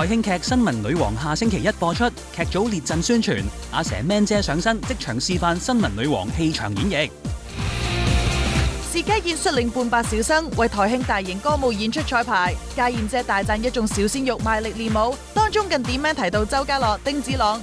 台慶劇《新聞女王》下星期一播出，劇組列陣宣傳。阿蛇 man 姐上身，即場示範《新聞女王》戲場演繹。視佳燕率領半百小生為台慶大型歌舞演出彩排，佳燕姐大讚一眾小鮮肉賣力練舞，當中近點 n 提到周家樂、丁子朗。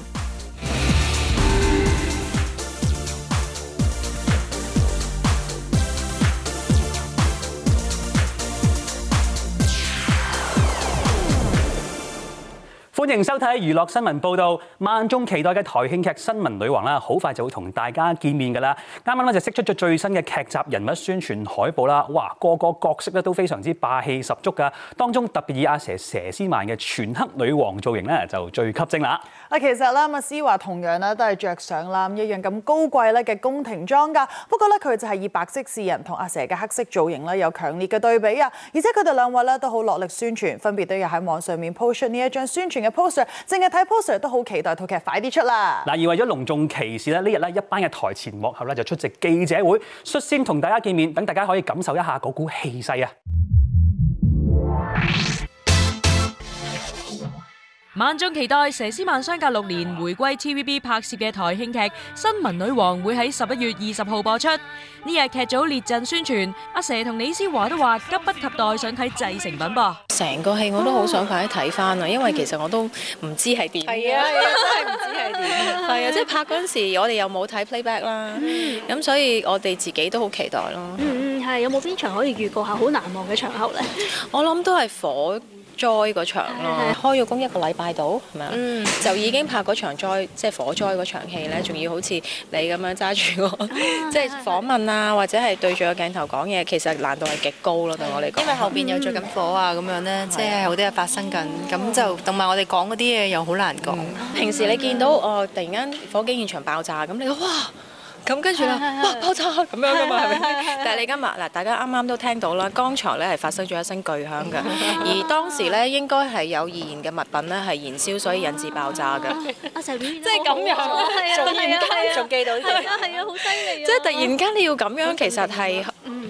歡迎收睇娛樂新聞報道，萬眾期待嘅台慶劇《新聞女王》啦，好快就會同大家見面噶啦。啱啱咧就釋出咗最新嘅劇集人物宣傳海報啦，哇，個個角色咧都非常之霸氣十足噶，當中特別以阿佘佘詩曼嘅全黑女王造型咧就最吸睛啦。嗱，其實啦，阿思華同樣咧都係着上啦，一樣咁高貴咧嘅宮廷裝噶。不過咧，佢就係以白色示人，同阿蛇嘅黑色造型咧有強烈嘅對比啊。而且佢哋兩位咧都好落力宣傳，分別都要喺網上面 po 出呢一張宣傳嘅 poster。淨係睇 poster 都好期待套劇快啲出啦。嗱，而為咗隆重其事咧，呢日咧一班嘅台前幕後咧就出席記者會，率先同大家見面，等大家可以感受一下嗰股氣勢啊！萬眾期待佘詩曼相隔六年回歸 TVB 拍攝嘅台慶劇《新聞女王》會喺十一月二十號播出。呢日劇組列陣宣傳，阿佘同李思華都話急不及待想睇製成品噃。成個戲我都好想快啲睇翻啊，因為其實我都唔知係點。係 啊,啊，真係唔知係點。係 啊，即係拍嗰陣時，我哋又冇睇 playback 啦，咁所以我哋自己都好期待咯。嗯嗯，係有冇邊場可以預告下好難忘嘅場合咧？ 我諗都係火。災嗰場咯，開咗工一個禮拜度，咪、嗯、啊？就已經拍嗰場災，即、就、係、是、火災嗰場戲咧，仲要好似你咁樣揸住我，即、啊、係 訪問啊，或者係對住個鏡頭講嘢，其實難度係極高咯，對我嚟講。因為後面有着緊火啊，咁、嗯、樣咧，即係好多嘢發生緊。咁就同埋、嗯、我哋講嗰啲嘢又好難講、嗯。平時你見到、嗯、哦，突然間火警現場爆炸，咁你話哇！咁跟住啦，爆炸咁樣噶嘛，係咪？但係你今日嗱，大家啱啱都聽到啦，剛才咧係發生咗一聲巨響嘅，啊、而當時咧應該係有易燃嘅物品咧係燃燒，所以引致爆炸嘅。即係咁樣，突然間仲記到，係啊係啊，好犀利！即係突然間你要咁樣，其實係、嗯，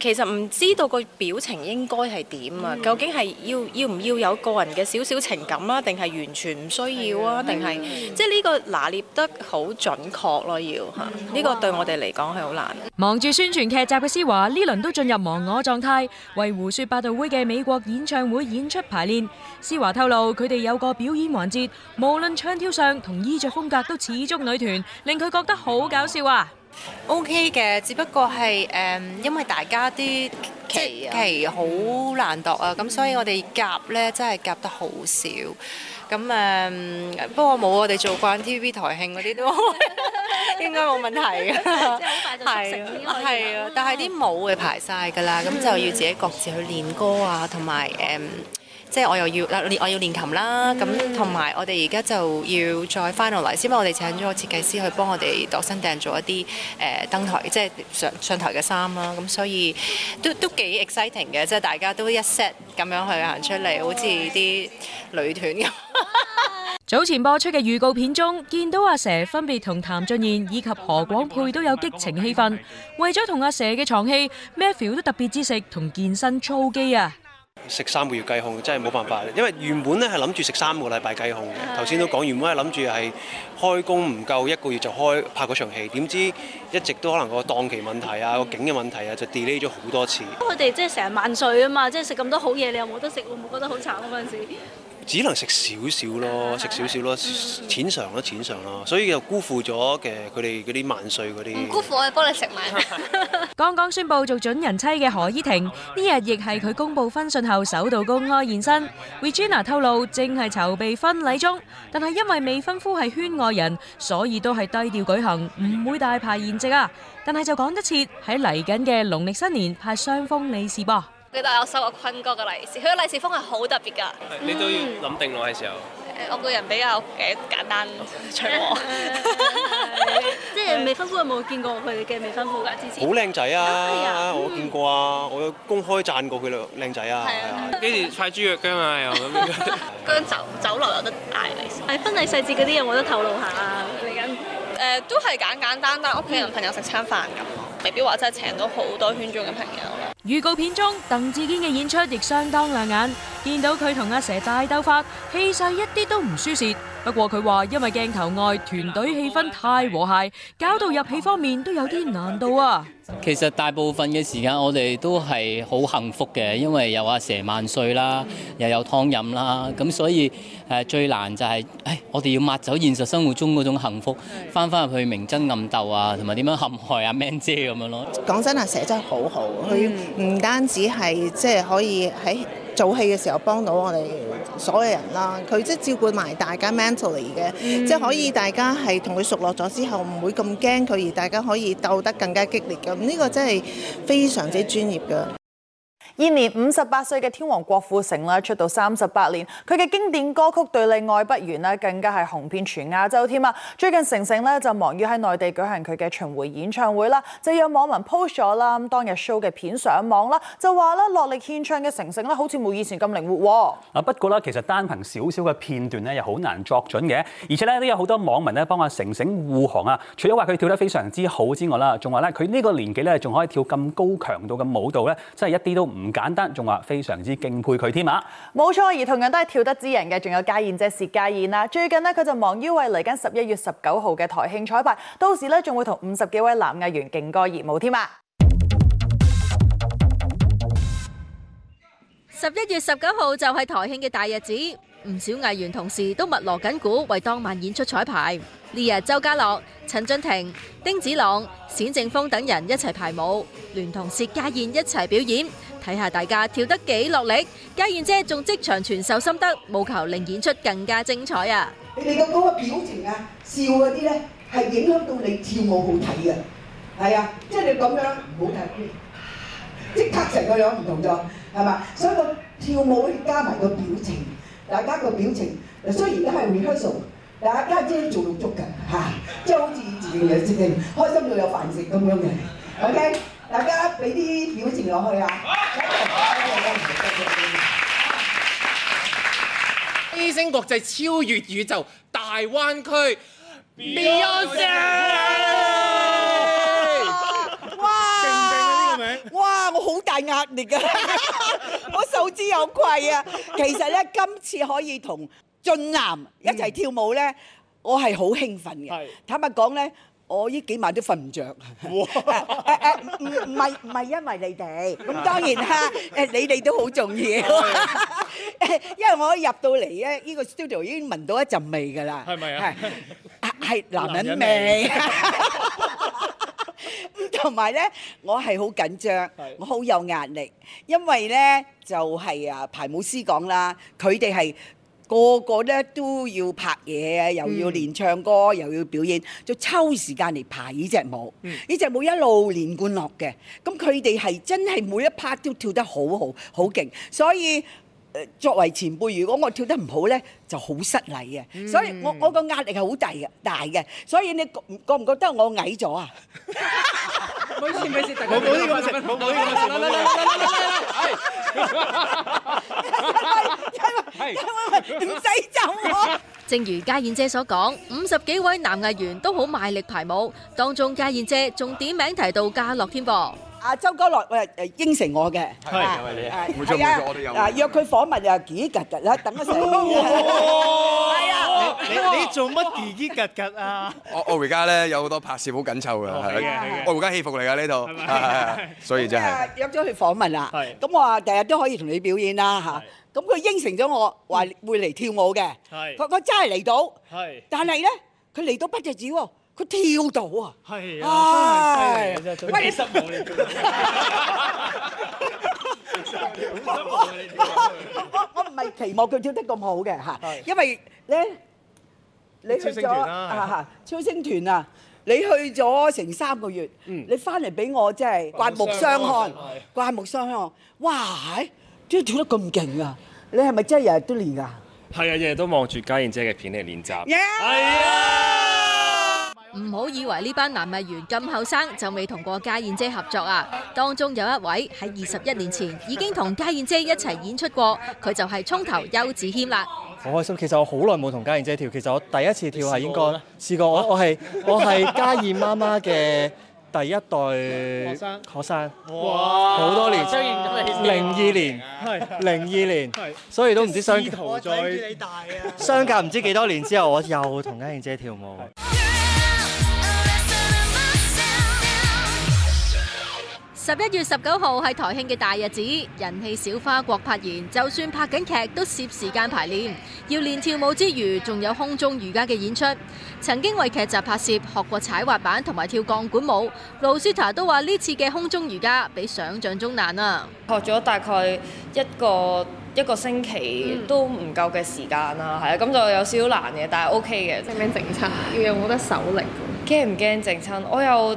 其實唔知道個表情應該係點啊？究竟係要要唔要有個人嘅少少情感啊？定係完全唔需要啊？定係即係呢個拿捏得好準確咯？要呢、啊，這個對我哋嚟講係好難。忙住宣傳劇集嘅思華，呢輪都進入忘我狀態，為《胡說八道會》嘅美國演唱會演出排練。思華透露，佢哋有個表演環節，無論唱跳上同衣着風格都似足女團，令佢覺得好搞笑啊。O K 嘅，只不過係誒、嗯，因為大家啲即係旗好難度啊，咁、嗯、所以我哋夾呢真係夾得好少。咁誒、嗯，不過冇我哋做慣 T V 台慶嗰啲都。 應該冇問題嘅，係 啊，係啊， 但係啲舞會排晒㗎啦，咁就要自己各自去練歌啊，同埋誒，即、嗯、係、就是、我又要練，我要練琴啦，咁同埋我哋而家就要再翻落嚟，先為我哋請咗個設計師去幫我哋度身訂做一啲誒、呃、登台，即、就、係、是、上上台嘅衫啦，咁所以都都幾 exciting 嘅，即、就、係、是、大家都一 set 咁樣去行出嚟、嗯，好似啲女團咁。早前播出嘅預告片中，見到阿佘分別同譚俊彥，以及何廣沛都有激情氣氛。為咗同阿佘嘅床戲，Matthew 只能食少少咯，食少少咯，淺嘗咯，淺嘗咯，所以又辜負咗嘅佢哋嗰啲萬歲嗰啲。唔辜負，我幫你食埋。剛 剛宣布做準人妻嘅何依婷，呢日亦係佢公佈婚訊後首度公開現身。Regina 透露，正係籌備婚禮中，但係因為未婚夫係圈外人，所以都係低調舉行，唔會大排筵席啊。但係就講得切，喺嚟緊嘅農曆新年派雙封利是噃。我記得我收過坤哥嘅利是很的，佢嘅利是封係好特別噶。你都要諗定落嘅時候。我個人比較嘅簡單隨和，嗯 嗯嗯嗯嗯、 即係、嗯、未婚夫有冇見過佢哋嘅未婚夫噶？之前。好靚仔啊！哎嗯、我見過啊，我有公開讚過佢哋靚仔啊。跟住踩豬腳姜啊？又咁。姜 酒酒樓有得大利 是。係婚禮細節嗰啲有冇得透露下啊？嚟緊誒都係簡簡單單，屋企人朋友食餐飯咁、嗯，未必話真係請到好多圈中嘅朋友。預告片中，鄧志堅嘅演出亦相當亮眼，見到佢同阿蛇大鬥法，氣勢一啲都唔輸蝕。不過佢話，因為鏡頭外團隊氣氛太和諧，搞到入戲方面都有啲難度啊。其實大部分嘅時間我哋都係好幸福嘅，因為有阿佘萬歲啦，又有湯飲啦，咁所以誒最難就係誒我哋要抹走現實生活中嗰種幸福，翻翻入去明爭暗鬥啊，同埋點樣陷害阿 man 姐咁樣咯。講真啊，佘真係好好，佢唔單止係即係可以喺做戲嘅時候幫到我哋所有人啦，佢即係照顧埋大家 mentally 嘅，即係可以大家係同佢熟絡咗之後唔會咁驚佢，而大家可以鬥得更加激烈嘅。咁、這、呢個真係非常之專業噶。現年五十八歲嘅天王郭富城啦，出道三十八年，佢嘅經典歌曲對你愛不完啦，更加係紅遍全亞洲添啊！最近城城咧就忙於喺內地舉行佢嘅巡回演唱會啦，就有網民 post 咗啦，當日 show 嘅片上網啦，就話咧落力獻唱嘅城城咧，好似冇以前咁靈活喎。啊不過咧，其實單憑少少嘅片段咧，又好難作準嘅。而且咧都有好多網民咧幫阿城城護航啊，除咗話佢跳得非常之好之外啦，仲話咧佢呢個年紀咧仲可以跳咁高強度嘅舞蹈咧，真係一啲都唔～唔簡單，仲話非常之敬佩佢添啊！冇錯，而同樣都係跳得之人嘅，仲有家燕姐，即薛家燕啊。最近呢，佢就忙於為嚟緊十一月十九號嘅台慶彩排，到時呢仲會同五十幾位男藝員勁歌熱舞添啊！十一月十九號就係台慶嘅大日子，唔少藝員同事都密鑼緊鼓為當晚演出彩排。呢日周嘉洛、陳俊廷、丁子朗、冼靖峰等人一齊排舞，聯同薛家燕一齊表演。睇下大家跳得幾落力，家燕姐仲即場傳授心得，務求令演出更加精彩啊！你哋個嗰個表情啊，笑嗰啲咧係影響到你跳舞好睇嘅，係啊，即係你咁樣唔好睇，即刻成個樣唔同咗，係嘛？所以個跳舞加埋個表情，大家個表情雖然都係微笑笑，但係家燕姐做到足㗎嚇，即係好似自然嘢自然，開心到有飯食咁樣嘅，O K。大家俾啲表情落去啊！A 星國際超越宇宙大灣區，Beyond！哇！靜靜呢個名，哇！我好大壓力啊，我受之有愧啊！其實咧，今次可以同俊男一齊跳舞咧，我係好興奮嘅。坦白講咧。我呢幾晚都瞓唔著。誒誒，唔唔係唔係因為你哋，咁當然啦。誒你哋都好重要，因為我一入到嚟咧，呢個 studio 已經聞到一陣味㗎啦。係咪啊？係，係男人味。咁同埋咧，我係好緊張，我好有壓力，因為咧就係啊排舞師講啦，佢哋係。個個咧都要拍嘢，又要練唱歌、嗯，又要表演，就抽時間嚟排呢隻舞。呢、嗯、隻舞一路連貫落嘅，咁佢哋係真係每一 part 都跳得好好，好勁，所以。誒，作為前輩，如果我跳得唔好咧，就好失禮嘅。所以我我個壓力係好大嘅，大嘅。所以你覺唔覺唔覺得我矮咗啊？冇呢個程，冇呢個程。係，唔使走我。正如嘉燕姐所講，五十幾位男藝員都好賣力排舞，當中嘉燕姐仲點名提到嘉樂添噃。啊，周哥來，我誒應承我嘅，係啊，約佢訪問又幾夾夾啦，等一陣。係啊，你你做乜跌跌夾夾啊？我我而家咧有好多拍攝好緊湊嘅，係嘅，我而家戲服嚟㗎呢套，係係係，所以真係約咗佢訪問啦。係，咁我話第日都可以同你表演啦嚇。咁佢應承咗我，話會嚟跳舞嘅。係，佢佢真係嚟到。係，但係咧，佢嚟到不只止喎。跳到啊！係啊！佢幾失望你？我我我唔係期望佢跳得咁好嘅嚇，因為咧你去咗超星團啊，你去咗成三個月，你翻嚟俾我即係刮目相看，刮目相看。哇！點解跳得咁勁噶？你係咪真係日日都練噶？係啊，日日都望住嘉燕姐嘅片嚟練習。係啊！唔好以為呢班男藝員咁後生就未同過家燕姐合作啊！當中有一位喺二十一年前已經同家燕姐一齊演出過，佢就係蔥頭邱子謙啦。好開心！其實我好耐冇同家燕姐跳，其實我第一次跳係應該試過我。我係我係我係家燕媽媽嘅第一代學生，學生。哇！好多年，零二年，零二年，係所以都唔知相隔。相隔唔知幾多年之後，我又同家燕姐跳舞。十一月十九號係台慶嘅大日子，人氣小花郭柏妍就算拍緊劇都攝時間排練，要練跳舞之餘，仲有空中瑜伽嘅演出。曾經為劇集拍攝學過踩滑板同埋跳鋼管舞，老師塔都話呢次嘅空中瑜伽比想像中難啊！學咗大概一個一個星期都唔夠嘅時間啦，係啊，咁就有少少難嘅，但係 OK 嘅。驚唔驚整親？要有好多手力。驚唔驚整親？我又。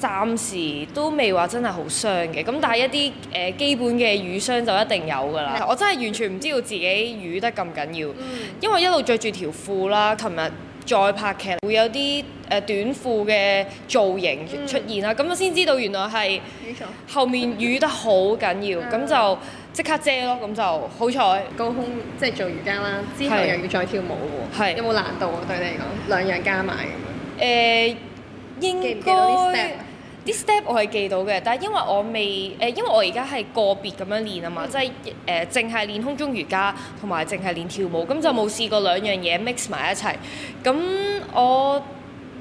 暫時都未話真係好傷嘅，咁但係一啲誒、呃、基本嘅淤傷就一定有㗎啦。 我真係完全唔知道自己淤得咁緊要，嗯，因為一路着住條褲啦。琴日再拍劇會有啲誒短褲嘅造型出現啦，咁我先知道原來係。冇錯。後面淤得好緊要，咁， 嗯，就即刻遮咯，咁就好彩。高空即係、就是、做瑜伽啦，之後又要再跳舞喎。有冇難度啊？對你嚟講，兩樣加埋咁樣。誒、呃，應該。啲 step 我係記到嘅，但係因為我未誒，因為我而家係個別咁樣練啊嘛，即係誒，淨係練空中瑜伽同埋淨係練跳舞，咁就冇試過兩樣嘢 mix 埋一齊，咁我。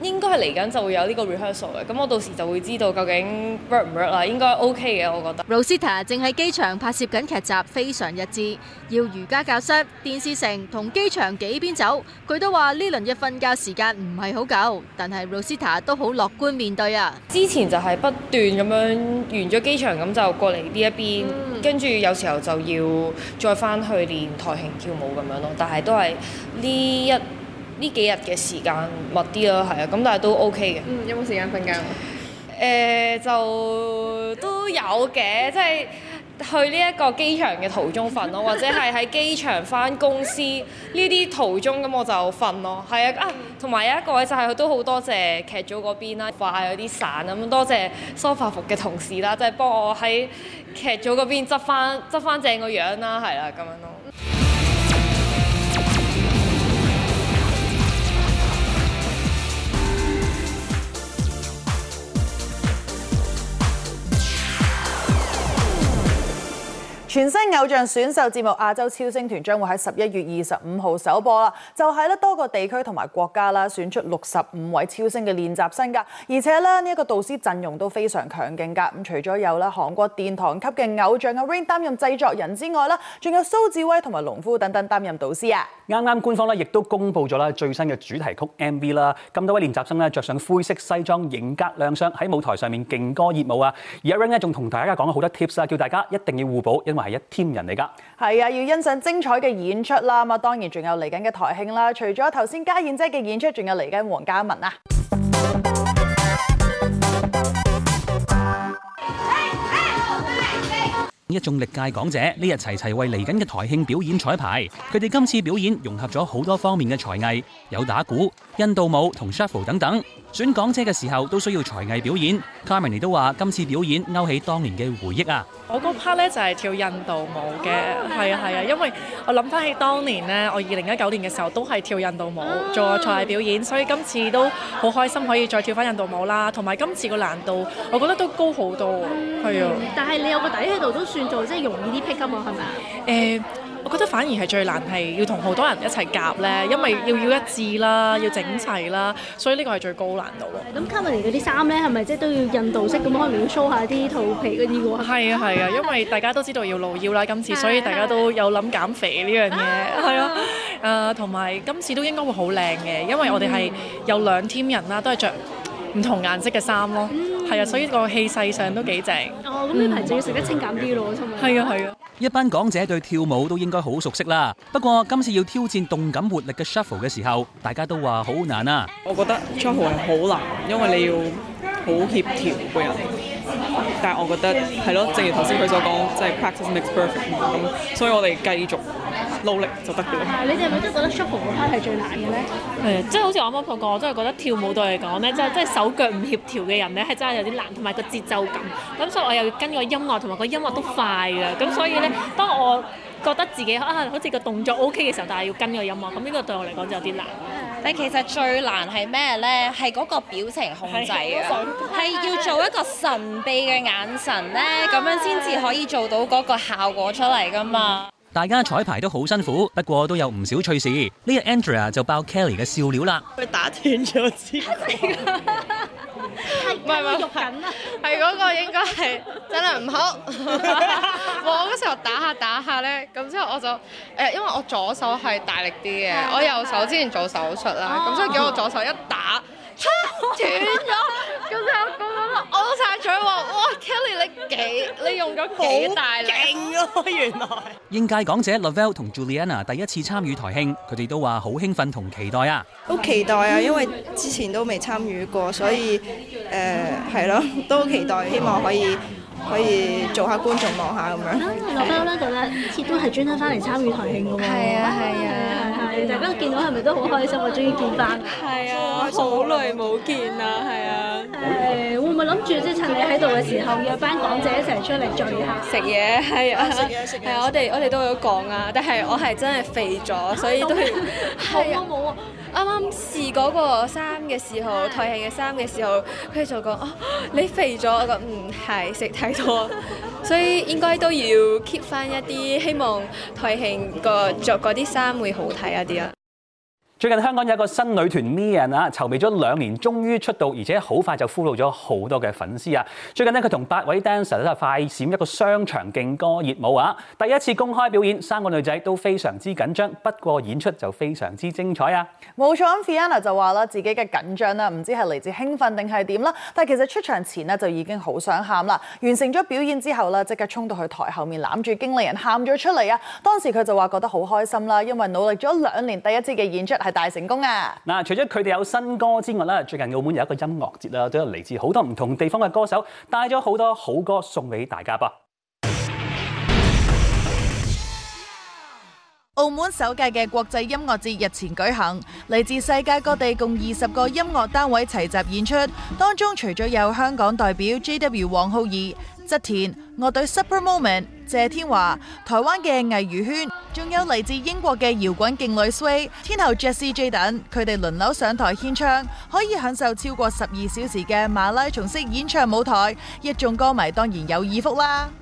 應該係嚟緊就會有呢個 rehearsal 嘅，咁我到時就會知道究竟 work 唔 work 啦。應該 OK 嘅，我覺得。Rosita 正喺機場拍攝緊劇集，非常日誌，要瑜伽教室、電視城同機場幾邊走。佢都話呢輪嘅瞓覺時間唔係好久，但係 Rosita 都好樂觀面對啊。之前就係不斷咁樣完咗機場咁就過嚟呢一邊，跟、嗯、住有時候就要再翻去練台慶跳舞咁樣咯。但係都係呢一。呢幾日嘅時間密啲咯，係啊，咁但係都 OK 嘅。嗯，有冇時間瞓覺？誒、呃，就都有嘅，即係去呢一個機場嘅途中瞓咯， 或者係喺機場翻公司呢啲 途中咁我就瞓咯。係啊，啊，同埋有一個位就係都好多謝劇組嗰邊啦，掛有啲散，咁，多謝梳化服嘅同事啦，即係幫我喺劇組嗰邊執翻執翻正個樣啦，係啦，咁樣咯。全新偶像選秀節目《亞洲超星團》將會喺十一月二十五號首播啦！就係咧多個地區同埋國家啦，選出六十五位超星嘅練習生噶，而且咧呢一個導師陣容都非常強勁噶。咁除咗有咧韓國殿堂級嘅偶像阿 Rain 擔任製作人之外咧，仲有蘇志威同埋農夫等等擔任導師啊！啱啱官方咧亦都公布咗咧最新嘅主題曲 MV 啦。咁多位練習生呢，着上灰色西裝，型格亮相喺舞台上面勁歌熱舞啊！而阿 Rain 呢，仲同大家講咗好多 tips 啊，叫大家一定要互補，因為係一 team 人嚟噶，係啊，要欣賞精彩嘅演出啦。咁啊，當然仲有嚟緊嘅台慶啦。除咗頭先嘉燕姐嘅演出，仲有嚟緊黃嘉文啊。Hey, hey, hey, hey. 一眾歷屆港姐呢日齊齊為嚟緊嘅台慶表演彩排。佢哋今次表演融合咗好多方面嘅才藝，有打鼓、印度舞同 shuffle 等等。選港姐嘅時候都需要才藝表演，卡米尼都話今次表演勾起當年嘅回憶啊！我嗰 part 咧就係、是、跳印度舞嘅，係、oh, 啊係啊，啊，因為我諗翻起當年咧，我二零一九年嘅時候都係跳印度舞做才藝表演，所以今次都好開心可以再跳翻印度舞啦，同埋今次個難度，我覺得都高好多，係啊。嗯、但係你有個底喺度都算做即係、就是、容易啲 pick 㗎嘛，係咪啊？誒、呃。我覺得反而係最難係要同好多人一齊夾咧，因為要要一致啦，要整齊啦，所以呢個係最高難度咯。咁今年嗰啲衫咧，係咪即係都要印度式咁，可能要削下啲肚皮嗰啲㗎喎？係啊係啊，因為大家都知道要露腰啦，今次所以大家都有諗減肥呢樣嘢，係咯，誒同埋今次都應該會好靚嘅，因為我哋係有兩 team 人啦，都係著唔同顏色嘅衫咯，係啊，所以個氣勢上都幾正。哦，咁呢排仲要食得清減啲咯，同埋。係啊係啊。一班港姐對跳舞都應該好熟悉啦，不過今次要挑戰動感活力嘅 shuffle 嘅時候，大家都話好難啊！我覺得 shuffle 係好難，因為你要。好協調嘅人，但係我覺得係咯，正如頭先佢所講，即係 practice makes perfect 咁，所以我哋繼續努力就得嘅。係，你哋係咪都覺得 shuffle 嗰 part 係最難嘅咧？係即係好似我啱啱所講，我真係覺得跳舞對我嚟講咧，即係即係手腳唔協調嘅人咧，係真係有啲難，同埋個節奏感。咁所以我又要跟個音樂，同埋個音樂都快嘅，咁所以咧，當我。覺得自己啊，好似個動作 OK 嘅時候，但係要跟個音樂，咁、這、呢個對我嚟講就有啲難。但其實最難係咩咧？係嗰個表情控制啊，係要做一個神秘嘅眼神咧，咁、啊、樣先至可以做到嗰個效果出嚟㗎嘛。大家彩排都好辛苦，不過都有唔少趣事。呢日 Andrea 就爆 Kelly 嘅笑料啦，佢打斷咗自己。 唔係唔係，係嗰、啊、個應該係真係唔好。我嗰時候打下打下咧，咁之後我就誒，因為我左手係大力啲嘅，我右手之前做手術啦，咁所以叫我左手一打，斷咗。咁就 後咁樣，我晒嘴話，哇！你用咗好大力勁咯、啊，原來。應屆港姐 Lavelle 同 Juliana 第一次參與台慶，佢哋都話好興奮同期待啊，好期待啊，因為之前都未參與過，所以誒係咯，都期待，希望可以。可以做下觀眾望下咁樣。咁、哦、啊，羅覺得，次都係專登翻嚟參與台慶嘅喎。係啊係啊係係，啊啊啊啊、大家見到係咪都好開心我、啊、終於見翻。係啊，好耐冇見啊，係啊。係，誒會唔會諗住即係趁你喺度嘅時候約班港姐一齊出嚟聚下？食嘢係啊。食嘢食嘢。係啊，嗯嗯、食嘢我哋我哋都有講啊，但係我係真係肥咗，所以都係。冇啊冇啊。modified 啱啱試嗰個衫嘅時候，台慶嘅衫嘅時候，佢就講：哦、啊，你肥咗，我講唔係食太多，所以應該都要 keep 翻一啲，希望台慶個着嗰啲衫會好睇一啲啦。最近香港有一個新女團 Mia 啊，籌備咗兩年，終於出道，而且好快就俘虜咗好多嘅粉絲啊！最近咧，佢同八位 dancer 都快閃一個商場勁歌熱舞啊！第一次公開表演，三個女仔都非常之緊張，不過演出就非常之精彩啊！冇錯，Fianna 就話啦，自己嘅緊張啦，唔知係嚟自興奮定係點啦，但係其實出場前咧就已經好想喊啦！完成咗表演之後咧，即刻衝到去台後面攬住經理人喊咗出嚟啊！當時佢就話覺得好開心啦，因為努力咗兩年，第一次嘅演出。係大成功啊！嗱，除咗佢哋有新歌之外咧，最近澳門有一個音樂節啦，都有嚟自好多唔同地方嘅歌手，帶咗好多好歌送俾大家噃。澳門首屆嘅國際音樂節日前舉行，嚟自世界各地共二十個音樂單位齊集演出，當中除咗有香港代表 J W 王浩爾、側田、樂隊 Super Moment、謝天華、台灣嘅魏如萱，仲有嚟自英國嘅搖滾勁女 Sway、天后 Jessie J 等，佢哋輪流上台獻唱，可以享受超過十二小時嘅馬拉松式演唱舞台，一眾歌迷當然有耳福啦。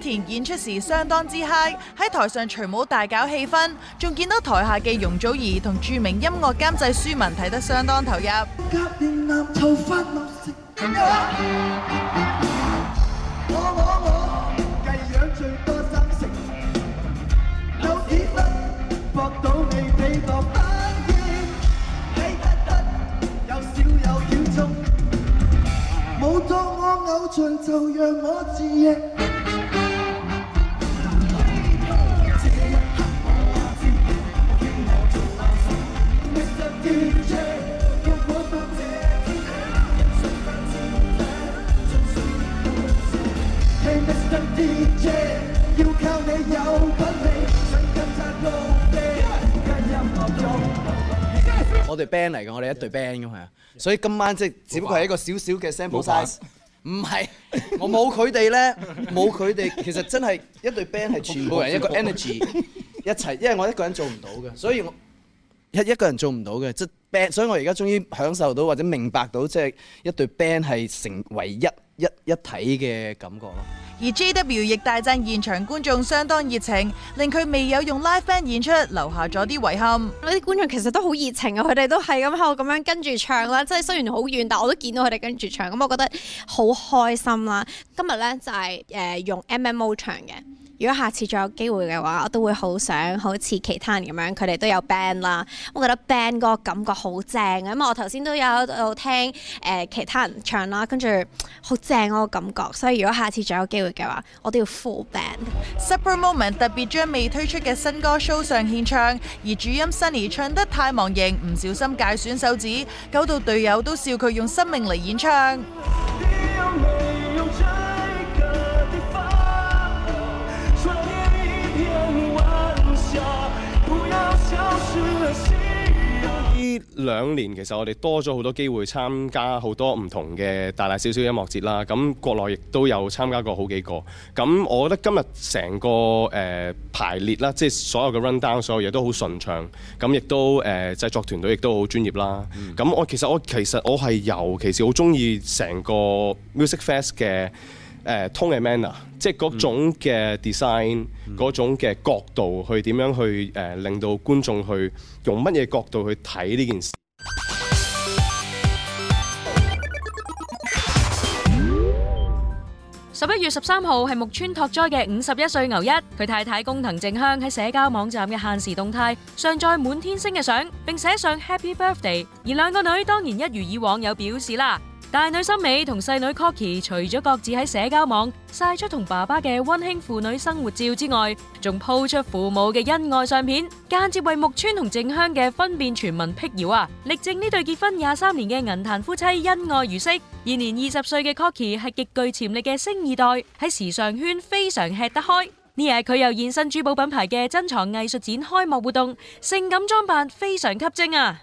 田演出時相當之嗨，喺台上除冇大搞氣氛，仲見到台下嘅容祖兒同著名音樂監製舒文睇得相當投入。我哋 band 嚟嘅，我哋一隊 band 咁係啊，的所以今晚即係只不過係一個小小嘅 sample size，唔係我冇佢哋咧，冇佢哋其實真係一隊 band 係全部人 一個 energy 一齊，因為我一個人做唔到嘅，所以我。一一個人做唔到嘅，即 band，所以我而家終於享受到或者明白到，即係一隊 band 係成為一一一體嘅感覺咯。而 JW 亦大讚現場觀眾相當熱情，令佢未有用 live band 演出留下咗啲遺憾。嗯。嗰啲觀眾其實都好熱情啊，佢哋都係咁喺度咁樣跟住唱啦，即係雖然好遠，但我都見到佢哋跟住唱，咁我覺得好開心啦。今日呢就係誒用 MMO 唱嘅。如果下次再有機會嘅話，我都會想好想好似其他人咁樣，佢哋都有 band 啦。我覺得 band 嗰個感覺好正。咁我頭先都有聽誒、呃、其他人唱啦，跟住好正嗰個感覺。所以如果下次再有機會嘅話，我都要 full band。Supper Moment 特別將未推出嘅新歌 show 上獻唱，而主音 Sunny 唱得太忘形，唔小心界損手指，搞到隊友都笑佢用生命嚟演唱。 呢兩年其實我哋多咗好多機會參加好多唔同嘅大大小小音樂節啦，咁國內亦都有參加過好幾個。咁我覺得今日成個誒、呃、排列啦，即係所有嘅 run down，所有嘢都好順暢。咁亦都誒製、呃、作團隊亦都好專業啦。咁、嗯、我其實我其實我係尤其是好中意成個 music fest 嘅誒、呃、tone and manner。即係嗰種嘅 design，嗰種嘅角度、嗯、去點樣去令到觀眾去用乜嘢角度去睇呢件事。嗯、十一月十三號係木村拓哉嘅五十一歲牛一，佢太太工藤靜香喺社交網站嘅限時動態上載滿天星嘅相，並寫上 Happy Birthday。而兩個女當然一如以往有表示啦。大女心美同細女 Cocky 除咗各自喺社交網晒出同爸爸嘅溫馨父女生活照之外，仲鋪出父母嘅恩愛相片，間接為木村同靜香嘅婚變傳聞闢謠啊！力證呢對結婚廿三年嘅銀壇夫妻恩愛如昔。現年二十歲嘅 Cocky 係極具潛力嘅星二代，喺時尚圈非常吃得開。呢日佢又現身珠寶品牌嘅珍藏藝術展開幕活動，性感裝扮非常吸睛啊！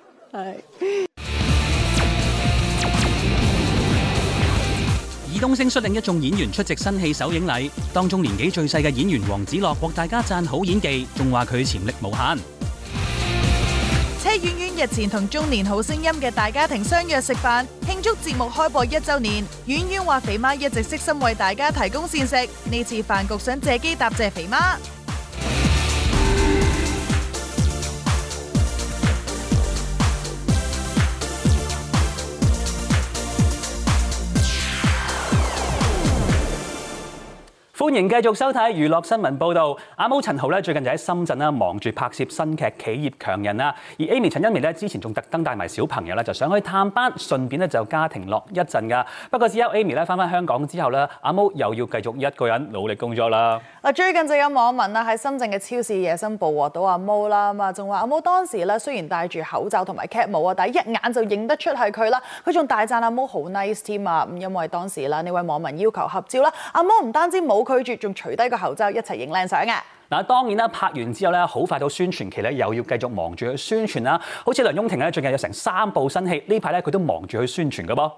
係。爾冬陞率領一眾演員出席新戲首映禮，當中年紀最細嘅演員黃子樂獲大家贊好演技，仲話佢潛力無限。車婉婉日前同《中年好聲音》嘅大家庭相約食飯，慶祝節目開播一周年。婉婉話肥媽一直悉心為大家提供膳食，呢次飯局想借機答謝肥媽。歡迎繼續收睇娛樂新聞報道。阿毛陳豪咧最近就喺深圳啦，忙住拍攝新劇《企業強人》啦。而 Amy 陳茵媺咧之前仲特登帶埋小朋友咧，就想去探班，順便咧就家庭樂一陣噶。不過只有 Amy 咧翻返香港之後咧，阿毛又要繼續一個人努力工作啦。嗱，最近就有網民啦喺深圳嘅超市野生捕獲到阿毛啦，咁啊，仲話阿毛當時咧雖然戴住口罩同埋 cap 帽啊，但係一眼就認得出係佢啦。佢仲大讚阿毛好 nice 添啊。咁因為當時啦，呢位網民要求合照啦，阿毛唔單止冇拒絕仲除低個口罩一齊影靚相嘅。嗱，當然啦，拍完之後咧，好快到宣傳期咧，又要繼續忙住去宣傳啦。好似梁雍婷咧，最近有成三部新戲，呢排咧佢都忙住去宣傳嘅噃。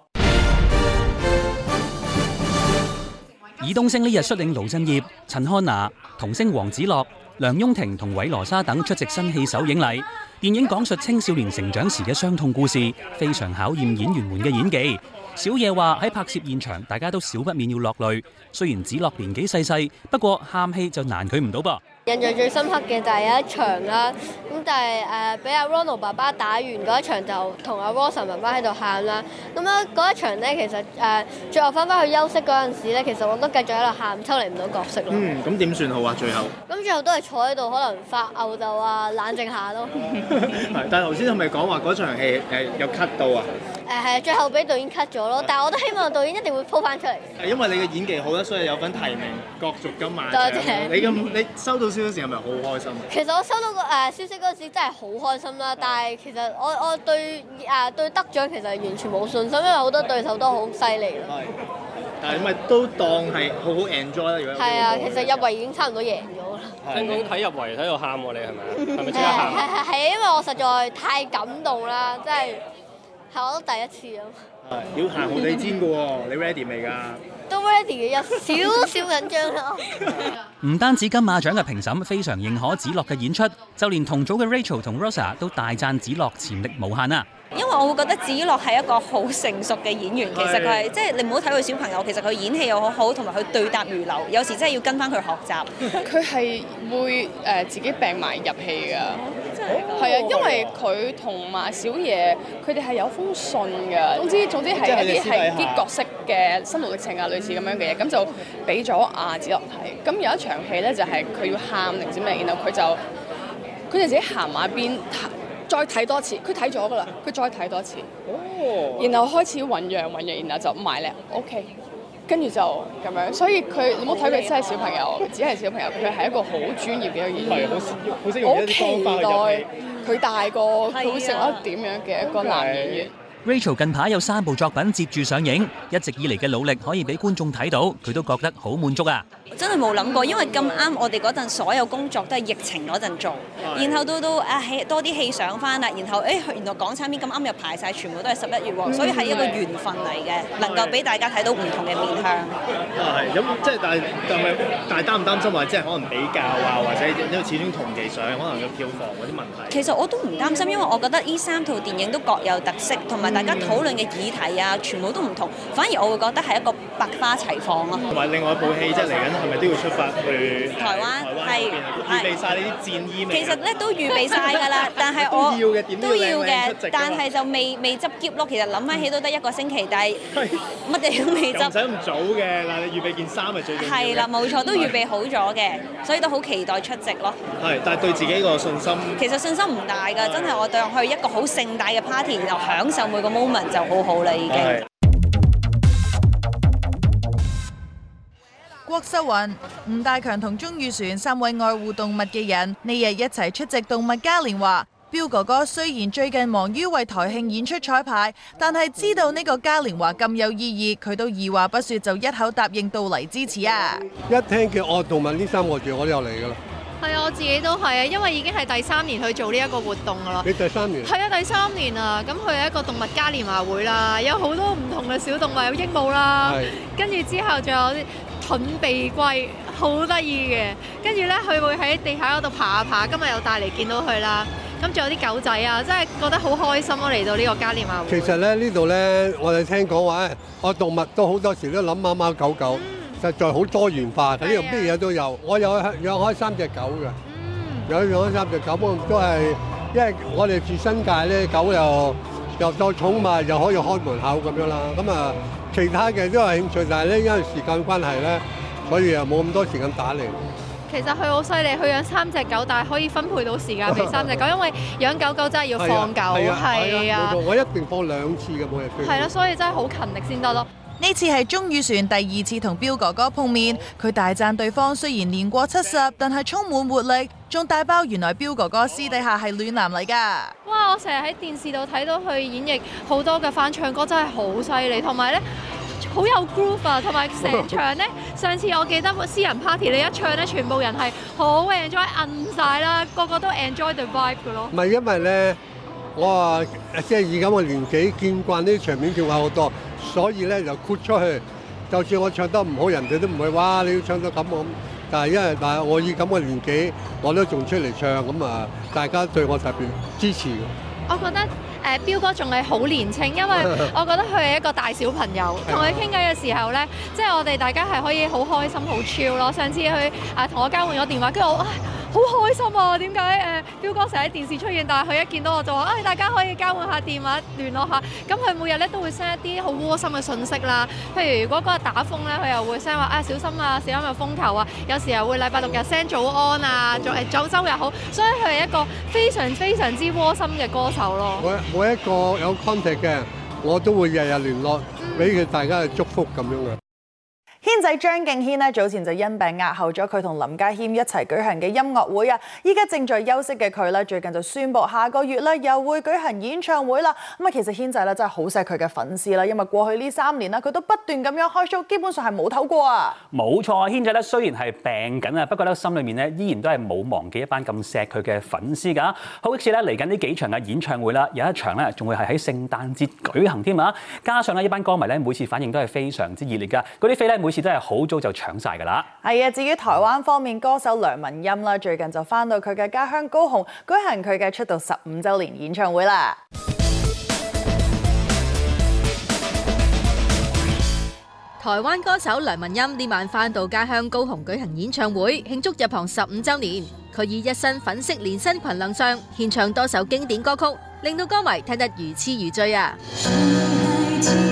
爾冬陞呢日率領盧鎮業、陳漢娜、童星黃梓樂、梁雍婷同韋羅莎等出席新戲首映禮。電影講述青少年成長時嘅傷痛故事，非常考驗演員們嘅演技。小野話喺拍攝現場，大家都少不免要落淚。雖然子樂年紀細細，不過喊戲就難佢唔到噃。印象最深刻嘅就係有一場啦，咁但係誒，俾、呃、阿 Ronald 爸爸打完嗰一場就同阿 Gosson 爸爸喺度喊啦，咁樣嗰一場咧其實誒、呃，最後翻返去休息嗰陣時咧，其實我都繼續喺度喊，抽離唔到角色咯。嗯，咁點算好啊？最後。咁最後都係坐喺度，可能發吽逗啊，冷靜下咯。 但係頭先係咪講話嗰場戲誒、呃、有 cut 到啊？誒、呃、係，最後俾導演 cut 咗咯，但係我都希望導演一定會鋪翻出嚟。因為你嘅演技好啦，所以有份提名角逐今晚。多謝,謝。你咁，你收到。消息嗰時係咪好開心？其實我收到個誒、呃、消息嗰時真係好開心啦，但係其實我我對誒、呃、對得獎其實完全冇信心，因為好多對手都好犀利咯。係，但係咁咪都當係好好 enjoy 啦。如果係啊，其實入圍已經差唔多贏咗啦。聽講睇入圍喺度喊喎，你係咪？係咪係係係係，因為我實在太感動啦，真係係我都第一次啊。要行紅地氈嘅喎，你 ready 未噶？都 ready 嘅，有少少緊張咯。唔 單止金馬獎嘅評審非常認可子樂嘅演出，就連同組嘅 Rachel 同 Rosa 都大讚子樂潛力無限啊！因為我會覺得子樂係一個好成熟嘅演員，是其實佢係即係你唔好睇佢小朋友，其實佢演戲又好好，同埋佢對答如流，有時真係要跟翻佢學習。佢 係會誒、呃、自己病埋入戲㗎，係、哦、啊、哦，因為佢同埋小爺，佢哋係有封信㗎。總之總之係一啲係啲角色嘅心路歷程、嗯、啊，類似咁樣嘅嘢，咁就俾咗阿子樂睇。咁有一場戲咧，就係、是、佢要喊定唔知咩，然後佢就佢哋自己行埋一邊。再睇多次，佢睇咗噶啦，佢再睇多次、哦，然後開始醞釀醞釀，然後就唔買咧，OK，跟住就咁樣，所以佢你冇睇佢真係小朋友，佢只係小朋友，佢、嗯、係一個好專業嘅一個演員。係好識用，好識用一啲方法去入戲。我好期待佢大個，佢會成為點樣嘅一個男演員。Rachel 近排有三部作品接住上映，一直以嚟嘅努力可以俾觀眾睇到，佢都覺得好滿足啊！真係冇諗過，因為咁啱我哋嗰陣所有工作都係疫情嗰陣做，然後到到啊戲多啲戲上返啦，然後誒原來港產片咁啱又排曬，全部都係十一月喎，所以係一個緣分嚟嘅，能夠俾大家睇到唔同嘅面向。啊係，咁即係但係但係但係擔唔擔心話即係可能比較啊，或者因為始終同期上，可能有票房嗰啲問題？其實我都唔擔心，因為我覺得呢三套電影都各有特色，同埋。大家討論嘅議題啊，全部都唔同，反而我會覺得係一個百花齊放咯，啊。同埋另外一部戲即係嚟緊，係咪都要出發去台灣？係預備曬呢啲戰衣未？其實咧都預備晒㗎啦， 但係我要嘅，點都要嘅，但係就未未執喼咯。其實諗翻起都得一個星期，但乜嘢都未執。唔使咁早嘅，嗱，你預備件衫咪最？係啦，冇錯，都預備好咗嘅，所以都好期待出席咯。係，但係對自己個信心其實信心唔大㗎，真係我對我去一個好盛大嘅 party 然後享受每。那個 moment 就好好啦，已經。郭秀雲、吳大強同鍾宇璇三位愛護動物嘅人，呢日一齊出席動物嘉年華。彪哥哥雖然最近忙於為台慶演出彩排，但係知道呢個嘉年華咁有意義，佢都二話不說就一口答應到嚟支持啊！一聽叫愛動物呢三個字，我都有嚟㗎喇。係啊，我自己都係啊，因為已經係第三年去做呢一個活動噶啦。你第三年？係啊，第三年啊，咁佢係一個動物嘉年華會啦，有好多唔同嘅小動物，有鸚鵡啦，跟住之後仲有啲盾臂龜，好得意嘅。跟住咧，佢會喺地下嗰度爬下爬爬。今日又帶嚟見到佢啦。咁仲有啲狗仔啊，真係覺得好開心咯，嚟到呢個嘉年華會。其實咧，呢度咧，我哋聽講話，我動物都好多時都諗貓貓狗狗。嗯實在好多元化，睇到咩嘢都有。我有養開三隻狗嘅，養養開三隻狗，我都係，因為我哋住新界咧，狗又又當寵物、嗯，又可以開門口咁樣啦。咁啊，其他嘅都有興趣，但係咧，因為時間關係咧，所以又冇咁多時間打理。其實佢好犀利，佢養三隻狗，但係可以分配到時間俾三隻狗， 因為養狗狗真係要放狗，係啊，啊，啊，啊，我一定放兩次嘅、啊、每日。係咯、啊，所以真係好勤力先得咯。 呢次係鍾宇船第二次同彪哥哥碰面，佢大讚對方雖然年過七十，但係充滿活力，仲大爆原來彪哥哥私底下係暖男嚟噶。哇！我成日喺電視度睇到佢演繹好多嘅翻唱歌，真係好犀利，同埋咧好有 groove 啊！同埋成場咧， 上次我記得個私人 party，你一唱咧，全部人係好 enjoy，摁晒啦，個個都 enjoy the vibe 噶咯。唔係， 因為咧。我啊，即係以咁嘅年紀，見慣呢啲場面叫話好多，所以咧就豁出去。就算我唱得唔好，人哋都唔會哇！你要唱得咁好。但係因為但係我以咁嘅年紀，我都仲出嚟唱咁啊，大家對我特別支持我。我覺得誒標、呃、哥仲係好年青，因為我覺得佢係一個大小朋友。同佢傾偈嘅時候咧，即 係我哋大家係可以好開心、好 chill 咯。上次去啊，同我交換咗電話，跟住我。好開心啊！點解？誒，彪哥成日喺電視出現，但係佢一見到我就話：啊、哎，大家可以交換下電話聯絡下。咁佢每日咧都會 send 一啲好窩心嘅信息啦。譬如如果嗰日打風咧，佢又會 send 話：啊、哎，小心啊，小心有、啊、風球啊！有時候又會禮拜六日 send 早安啊，早早週日好。所以佢係一個非常非常之窩心嘅歌手咯。每每一個有 contact 嘅，我都會日日聯絡，俾佢大家祝福咁樣嘅。軒仔張敬軒呢，早前就因病押後咗佢同林家謙一齊舉行嘅音樂會啊！依家正在休息嘅佢咧，最近就宣布下個月咧又會舉行演唱會啦。咁啊，其實軒仔咧真係好錫佢嘅粉絲啦，因為過去呢三年啦，佢都不斷咁樣開 show，基本上係冇唞過啊！冇錯啊，軒仔咧雖然係病緊啊，不過咧心裏面咧依然都係冇忘記一班咁錫佢嘅粉絲噶。好似咧嚟緊呢幾場嘅演唱會啦，有一場咧仲會係喺聖誕節舉行添啊！加上呢一班歌迷咧每次反應都係非常之熱烈噶，啲飛咧每似都係好早就搶晒㗎啦！係啊，至於台灣方面，歌手梁文音啦，最近就翻到佢嘅家鄉高雄舉行佢嘅出道十五週年演唱會啦。台灣歌手梁文音呢晚翻到家鄉高雄舉行演唱會，慶祝入行十五週年。佢以一身粉色連身裙亮相，獻唱多首經典歌曲，令到歌迷聽得如痴如醉啊！嗯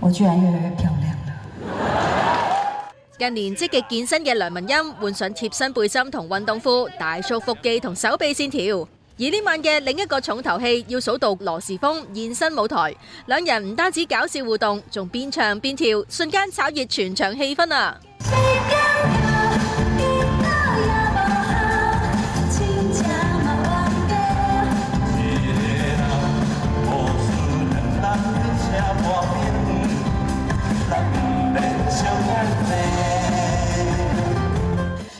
我居然越來越漂亮了。 近年積極健身嘅梁文音換上貼身背心同運動褲，大 show 腹肌同手臂線條。而呢晚嘅另一個重頭戲，要數到羅時豐現身舞台，兩人唔單止搞笑互動，仲邊唱邊跳，瞬間炒熱全場氣氛啊！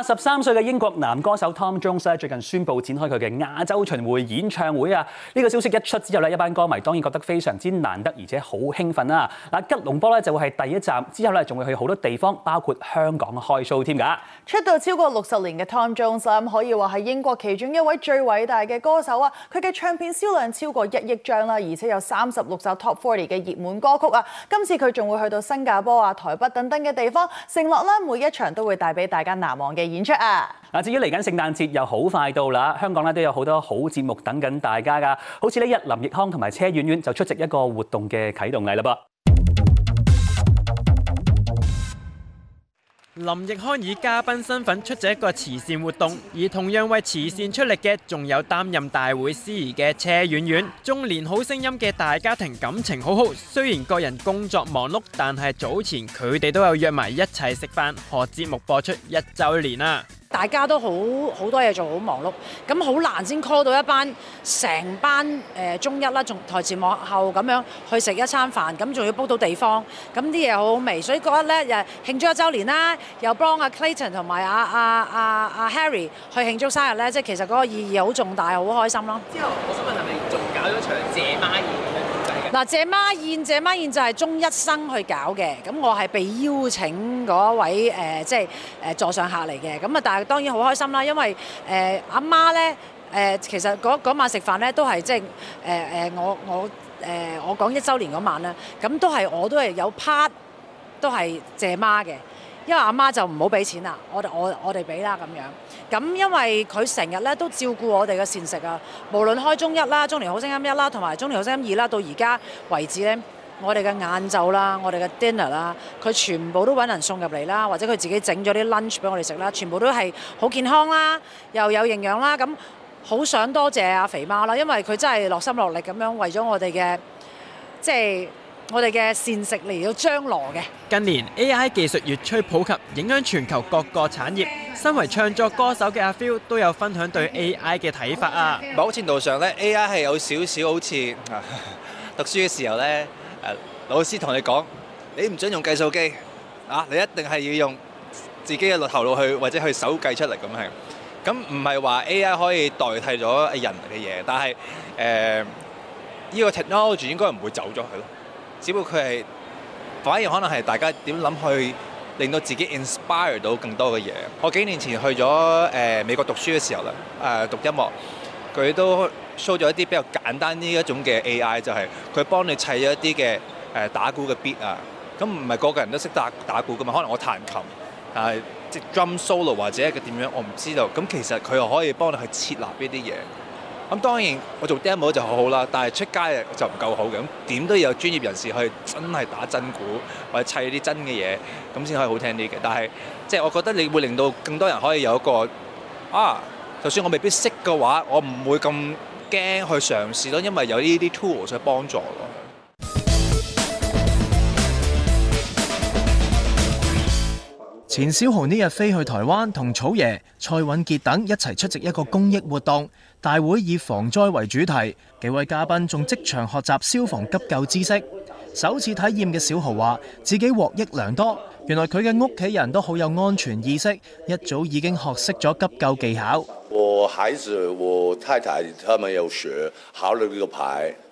八十三歲嘅英國男歌手 Tom Jones 最近宣布展開佢嘅亞洲巡迴演唱會啊！呢、呢個消息一出之後呢一班歌迷當然覺得非常之難得，而且好興奮啦！嗱，吉隆坡咧就會係第一站，之後咧仲會去好多地方，包括香港開 show 添㗎。出道超過六十年嘅 Tom Jones 可以話係英國其中一位最偉大嘅歌手啊！佢嘅唱片銷量超過一億張啦，而且有三十六首 Top 40嘅熱門歌曲啊！今次佢仲會去到新加坡啊、台北等等嘅地方，承諾每一場都會帶俾大家難忘嘅演出啊！嗱，至於嚟緊聖誕節又好快到啦，香港咧都有好多好節目等緊大家噶，好似呢咧，林奕匡同埋車婉婉就出席一個活動嘅啟動禮啦噃。林奕匡以嘉賓身份出席一個慈善活動，而同樣為慈善出力嘅仲有擔任大會司儀嘅車婉婉。中年好聲音嘅大家庭感情好好，雖然個人工作忙碌，但係早前佢哋都有約埋一齊食飯。何節目播出一周年啦，啊！大家都好好多嘢做，好忙碌，咁好難先 call 到一班成班誒中一啦，仲台前幕後咁樣去食一餐飯，咁仲要 book 到地方，咁啲嘢好好味，所以覺得咧又慶祝一周年啦，又幫阿 Clayton 同埋阿阿阿阿 Harry 去慶祝生日咧，即係其實嗰個意義好重大，好開心咯。之後，我想問，係咪仲搞咗場謝媽宴？嗱，謝媽宴，謝媽宴就係鍾一生去搞嘅。咁我係被邀請嗰位誒，即係誒座上客嚟嘅。咁啊，但係當然好開心啦，因為誒阿、呃、媽咧，誒、呃、其實嗰晚食飯咧都係即係誒誒我我誒、呃、我講一週年嗰晚啦，咁都係我都係有 part 都係謝媽嘅。因為阿媽就唔好俾錢啦，我哋我我哋俾啦咁樣。咁因為佢成日咧都照顧我哋嘅膳食啊，無論開中一啦、中年好聲音一啦、同埋中年好聲音二啦，到而家為止咧，我哋嘅晏晝啦、我哋嘅 dinner 啦，佢全部都揾人送入嚟啦，或者佢自己整咗啲 lunch 俾我哋食啦，全部都係好健康啦，又有營養啦。咁好想多謝阿肥媽啦，因為佢真係落心落力咁樣為咗我哋嘅，即係我哋嘅膳食嚟到張羅嘅。近年 AI 技術越趨普及，影響全球各個產業。身為唱作歌手嘅阿 Phil 都有分享對 AI 嘅睇法啊。某程度上咧，AI 係有少少好似讀書嘅時候咧，誒老師同你講，你唔准用計數機啊，你一定係要用自己嘅頭腦去或者去手計出嚟咁係。咁唔係話 AI 可以代替咗人嘅嘢，但係誒呢個 technology 應該唔會走咗佢咯。只不過佢係反而可能係大家點諗去令到自己 inspire 到更多嘅嘢。我幾年前去咗誒、呃、美國讀書嘅時候咧，誒、呃、讀音樂，佢都 show 咗一啲比較簡單呢一種嘅 AI，就係佢幫你砌咗一啲嘅誒打鼓嘅 beat 啊。咁唔係個個人都識打打鼓噶嘛，可能我彈琴，但、啊、係即 drum solo 或者係點樣，我唔知道。咁其實佢又可以幫你去設立呢啲嘢。咁當然，我做 demo 就好好啦，但係出街就唔夠好嘅。咁點都要有專業人士去真係打真鼓，或者砌啲真嘅嘢，咁先可以好聽啲嘅。但係即係我覺得你會令到更多人可以有一個啊，就算我未必識嘅話，我唔會咁驚去嘗試咯，因為有呢啲 tool 去幫助咯。錢小豪呢日飛去台灣，同草爺、蔡允傑等一齊出席一個公益活動。大會以防災為主題，幾位嘉賓仲即場學習消防急救知識。首次體驗嘅小豪話：自己獲益良多。原來佢嘅屋企人都好有安全意識，一早已經學識咗急救技巧。我孩子，我太太，他們有學考慮呢個牌。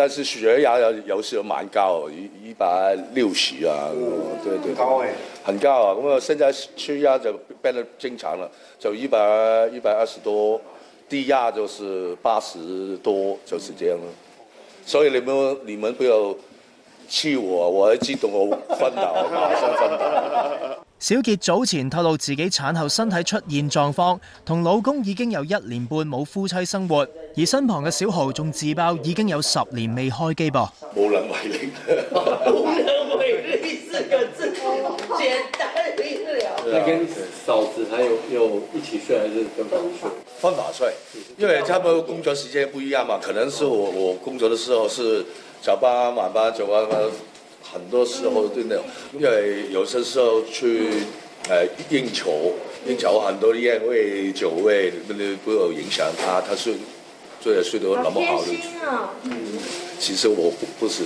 但是血壓有有時候蠻高，一一百六十啊，對對對，很高，很高啊！咁啊，現在血壓就變得正常了，就一百一百二十多，低壓就是八十多，就是這樣咯。所以你們你們不要氣我，我還激動我翻倒，我馬上翻倒。小杰早前透露自己產後身體出現狀況，同老公已經有一年半冇夫妻生活，而身旁嘅小豪仲自爆已經有十年未開機噃。無能為力， 無能為力是個簡單的，了、啊。嫂子，還有，還有一起睡，還是分房睡？分房睡，因為他們工作時間不一樣嘛。可能是我，我工作嘅時候是早班、晚班做班。晚班很多時候對那種，因為有些時候去，呃，應酬，應酬很多宴會酒會，那不有影響他，他是，睡得睡得那麼好的。的、啊嗯、其實我不不是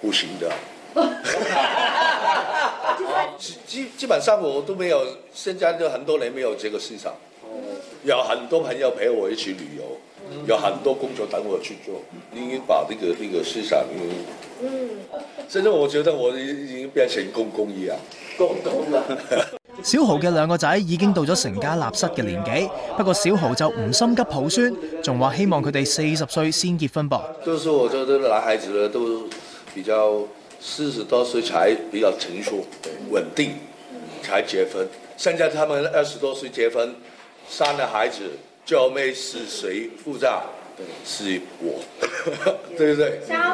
不行的。基 基本上我都沒有，現在都很多年沒有這個市場。有很多朋友陪我一起旅遊，有很多工作等我去做，你把這個這個市場，嗯，所以我覺得我已已經變成公公一啊，公公啦。 小豪嘅兩個仔已經到咗成家立室嘅年紀，不過小豪就唔心急抱孫，仲話希望佢哋四十歲先結婚噃。多數我覺得啲男孩子咧都比較四十多歲才比較成熟穩定，才結婚。現在他們二十多歲結婚，生了孩子，嬌妹是誰負責？是我， 對唔不對？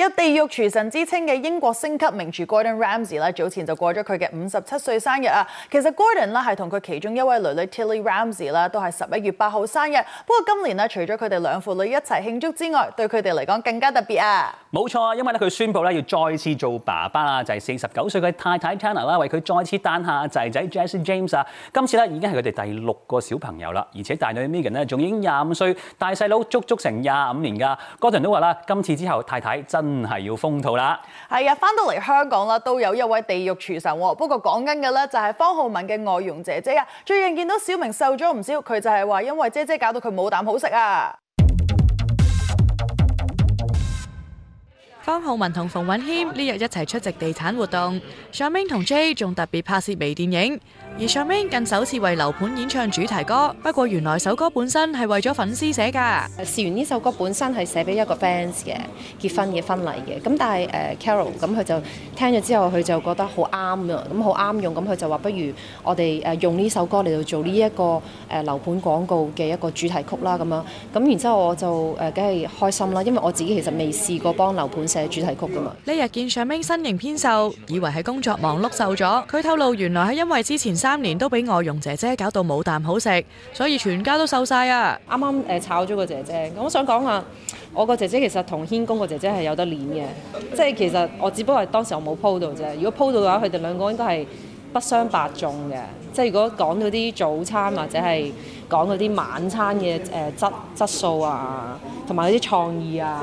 有地獄廚神之稱嘅英國星級名廚 Gordon Ramsay 早前就過咗佢嘅五十七歲生日啊。其實 Gordon 咧係同佢其中一位囡囡 Tilly Ramsay 啦，都係十一月八號生日。不過今年咧，除咗佢哋兩父女一齊慶祝之外，對佢哋嚟講更加特別啊沒。冇錯，因為咧佢宣布咧要再次做爸爸啊，就係四十九歲嘅太太 Tana 啦，為佢再次誕下仔仔 Jesse James 啊。今次咧已經係佢哋第六個小朋友啦，而且大女 Megan 仲已經廿五歲，大細佬足足成廿五年㗎。Gordon 都話啦，今次之後太太真。真係要封肚啦！係啊，翻到嚟香港啦，都有一位地獄廚神喎。不過講緊嘅咧，就係方浩文嘅外傭姐姐啊。最近見到小明瘦咗唔少，佢就係話因為姐姐搞到佢冇啖好食啊。方浩文同馮允謙呢日一齊出席地產活動，小明同 J 仲特別拍攝微電影。而尚明近首次為樓盤演唱主題歌，不過原來首歌本身係為咗粉絲寫㗎。試完呢首歌本身係寫俾一個 fans 嘅結婚嘅婚禮嘅，咁但係誒 Carol 咁佢就聽咗之後，佢就覺得好啱啊，咁好啱用，咁佢就話不如我哋誒用呢首歌嚟到做呢一個誒樓盤廣告嘅一個主題曲啦，咁樣。咁然之後我就誒梗係開心啦，因為我自己其實未試過幫樓盤寫主題曲㗎嘛。呢日見尚明身形偏瘦，以為係工作忙碌瘦咗，佢透露原來係因為之前。三年都俾外傭姐姐搞到冇啖好食，所以全家都瘦晒啊！啱啱誒炒咗個姐姐，咁我想講下我個姐姐其實同軒公個姐姐係有得攣嘅，即係其實我只不過係當時我冇鋪到啫。如果鋪到嘅話，佢哋兩個應該係不相伯仲嘅。即係如果講到啲早餐或者係講嗰啲晚餐嘅誒質質素啊，同埋嗰啲創意啊，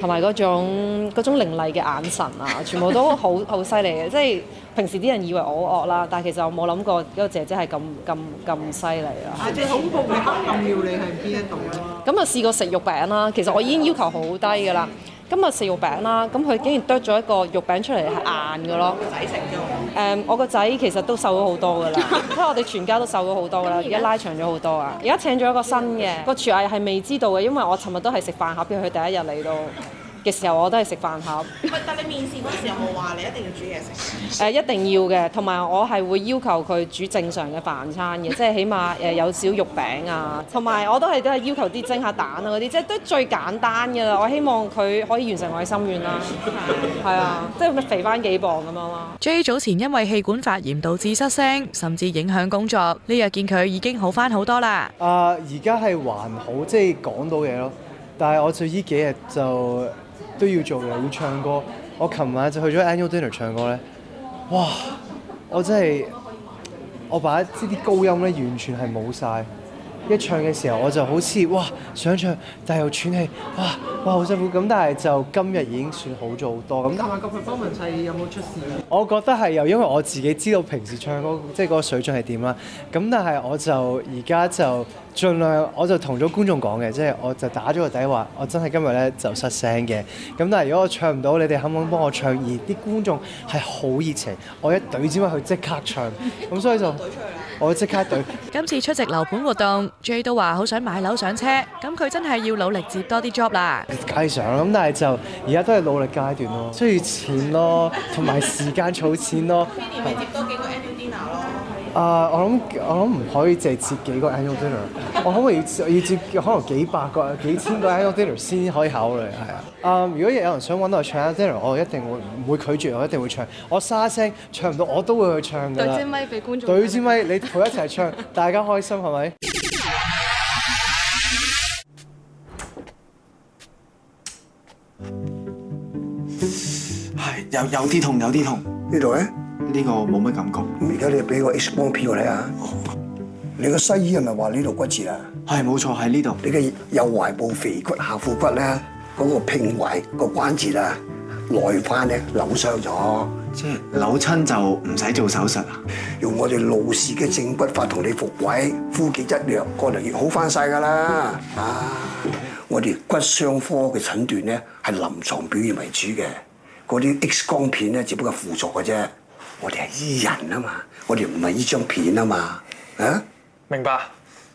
同埋嗰種嗰種凌厲嘅眼神啊，全部都好好犀利嘅，即係。平時啲人以為我惡啦，但係其實我冇諗過，個姐姐係咁咁咁犀利啦。最恐怖的，嘅黑暗料理係邊一度咯？咁啊就試過食肉餅啦，其實我已經要求好低㗎啦。今日食肉餅啦，咁佢竟然剁咗一個肉餅出嚟係、嗯、硬㗎咯。仔食咗，誒，我個仔、um, 其實都瘦咗好多㗎啦， 因為我哋全家都瘦咗好多㗎啦，而家拉長咗好多啊。而家請咗一個新嘅，個廚藝係未知道嘅，因為我尋日都係食飯盒，後邊佢第一日嚟到嘅時候我都係食飯盒 但你面試嗰時候有冇話你一定要煮嘢食？誒、 呃，一定要嘅，同埋我係會要求佢煮正常嘅飯餐嘅，即係起碼誒有少肉餅啊，同埋我都係都係要求啲蒸下蛋啊嗰啲，即係都最簡單噶啦。我希望佢可以完成我嘅心願啦、啊，係啊，即係咪肥翻幾磅咁樣啊嘛？J 早前因為氣管發炎導致失聲，甚至影響工作。呢日見佢已經好翻好多啦。啊、呃，而家係還好，即、就、係、是、講到嘢咯。但係我最依幾日就～都要做嘅，要唱歌。我琴晚就去咗 Annual Dinner 唱歌咧，哇！我真係，我把啲啲高音咧完全係冇晒。一唱嘅時候，我就好似哇想唱，但係又喘氣，哇哇好辛苦。咁但係就今日已經算好咗好多。咁但係個 performance 有冇出事？我覺得係有，因為我自己知道平時唱歌即係嗰個水準係點啦。咁但係我就而家就。儘量我就同咗觀眾講嘅，即係我就打咗個底話，我真係今日咧就失聲嘅。咁但係如果我唱唔到，你哋肯唔肯幫我唱？而啲觀眾係好熱情，我一懟之嘛，佢即刻唱。咁 所以就 我即刻懟。今次出席樓盤活動 ，J 都話好想買樓上車。咁佢真係要努力接多啲 job 啦。街上咁，但係就而家都係努力階段咯，需 要錢咯，同埋時間儲錢咯。 啊、uh！我諗我諗唔可以直接接幾個 annual dinner，我可唔可以要接可能幾百個、幾千個 annual dinner 先可以考慮？係啊。啊、uh！如果有人想揾我唱 annual dinner，我一定會唔會拒絕，我一定會唱。我沙聲唱唔到，我都會去唱㗎。對支咪，俾觀眾。對支咪，你抱一齊唱， 大家開心係咪？係有有啲痛，有啲痛呢度咧。呢、這個冇乜感覺。而家你俾個 X 光片睇下，你個西醫係咪話呢度骨折啊？係冇錯，喺呢度。你嘅右踝部腓骨、下腹骨咧，嗰個平踝個關節啊，內翻咧扭傷咗。即係扭親就唔使做手術，用我哋老氏嘅正骨法同你復位，敷幾劑藥，過兩日好翻晒㗎啦。啊，我哋骨傷科嘅診斷咧係臨床表現為主嘅，嗰啲 X 光片咧只不過輔助嘅啫。我哋係醫人啊嘛，我哋唔係依張片啊嘛，啊？明白。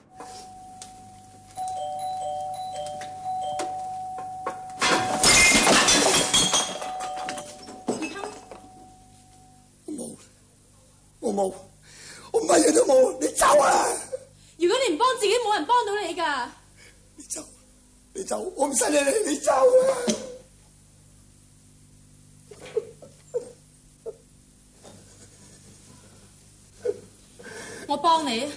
我冇，我冇，我乜嘢都冇，你走啊！如果你唔幫自己，冇人幫到你噶。你走，你走，我唔犀利你，你走啊！我幫你啊！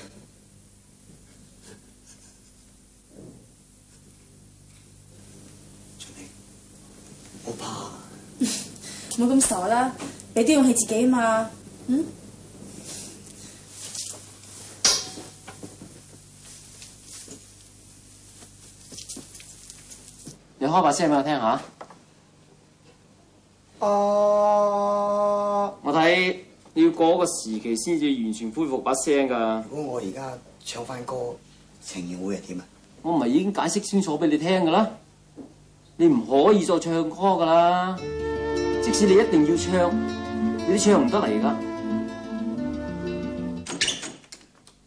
出嚟，我怕。冇咁傻啦，你都要係自己嘛。嗯？你開有歌把聲俾我聽下。啊！我睇。過、那個時期先至完全恢復把聲噶。如果我而家唱翻歌，情形會係點啊？我唔係已經解釋清楚俾你聽噶啦，你唔可以再唱歌噶啦。即使你一定要唱，你都唱唔得嚟噶。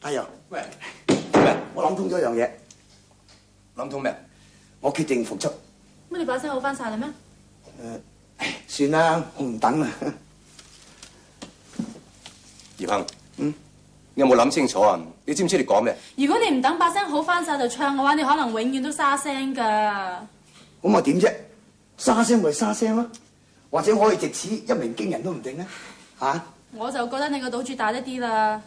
哎呀，喂，咩？我諗通咗一樣嘢，諗通咩？我決定復出。乜你把聲好翻晒啦咩？誒，算啦，我唔等啦。葉鏗，嗯，你有冇諗清楚啊？你知唔知你講咩？如果你唔等把聲好翻晒就唱嘅話，你可能永遠都沙聲噶。咁啊點啫？沙聲咪沙聲咯，或者可以借此一鳴驚人都唔定咧。吓、啊，我就覺得你個賭注大一啲啦。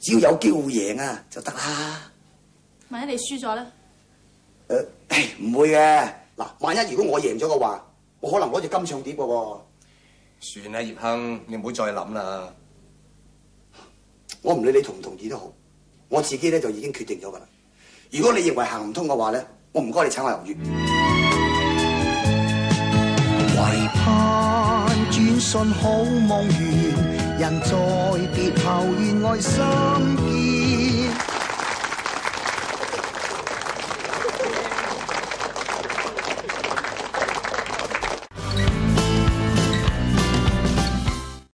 只要有機會贏啊，就得啦。萬一你輸咗咧？誒、呃，唔會嘅。嗱，萬一如果我贏咗嘅話，我可能攞住金唱片噶喎。算啦，葉鏗，你唔好再諗啦。我唔理你同唔同意都好，我自己咧就已經決定咗噶啦。如果你認為行唔通嘅話咧，我唔該你請我留月。唯盼轉瞬好夢圓，人在別後願愛心堅。